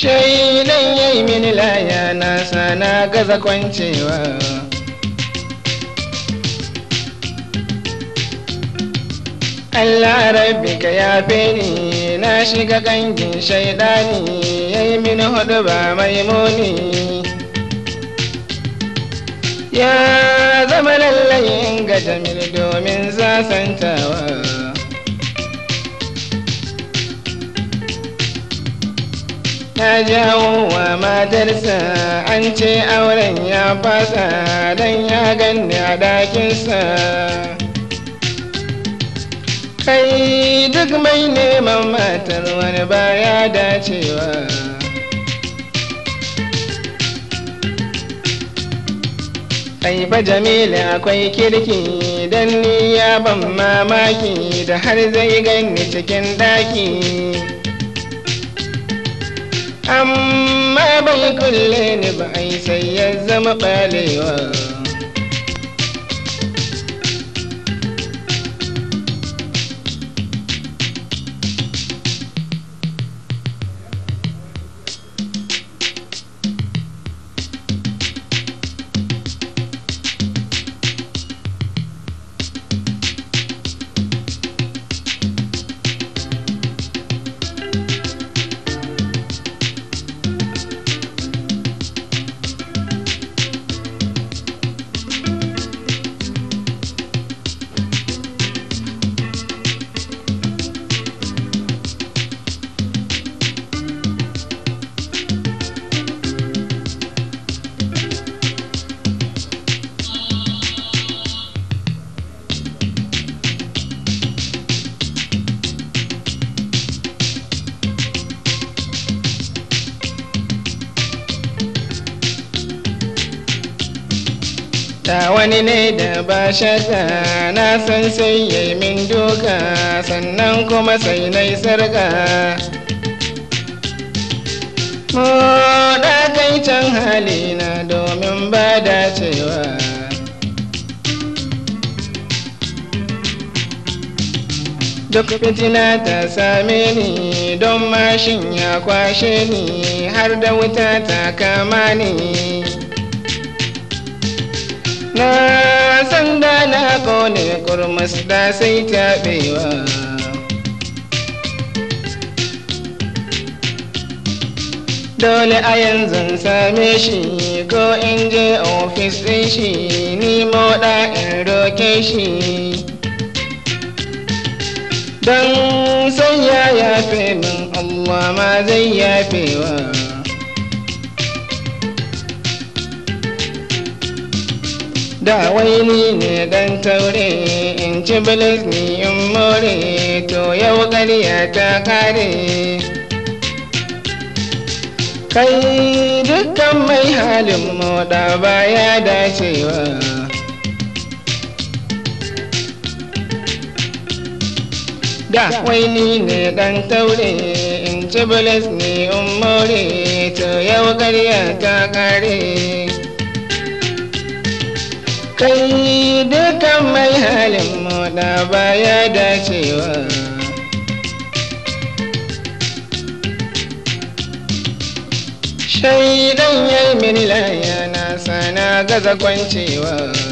ya yi mini laya na sana gaza kwancewa Allah rabbi ka yafe ni na shiga gangin shaidani yi mini hudu ba maimuni ya zama lallai in ga jamil domin zasantawa ta jawo wa matarsa an ce auren ya fasa don ya ganni a dakinsa kai duk mai neman matar wani baya dacewa ba jamilu akwai kirki don ni ya ban mamaki da har zai ganni cikin daki أما بالكل نبعي سيزم قليلا da wani ne da ba shakka na san sai ya min doka sannan kuma sai na yi sarka mu can halina domin ba dacewa duk fitina ta same ni don mashin ya kwashe ni har da wuta ta kama ni na san da na kone kurmus da sai taɓewa dole a yanzu same shi ko in je ofis ɗin shi ni moɗa in roke shi don sanya ya yafe min Allah ma zai yafewa. da waini ni ne dan taure in ci bilis ni in more to yau ƙarya ta kare kai dukkan mai halin moda baya dacewa da wai ni ne dan taure in ci bilis ni in more to yau ƙarya ta kare kai dukan mai halin moda baya dacewa shaidan ya yi min layana sana gaza kwancewa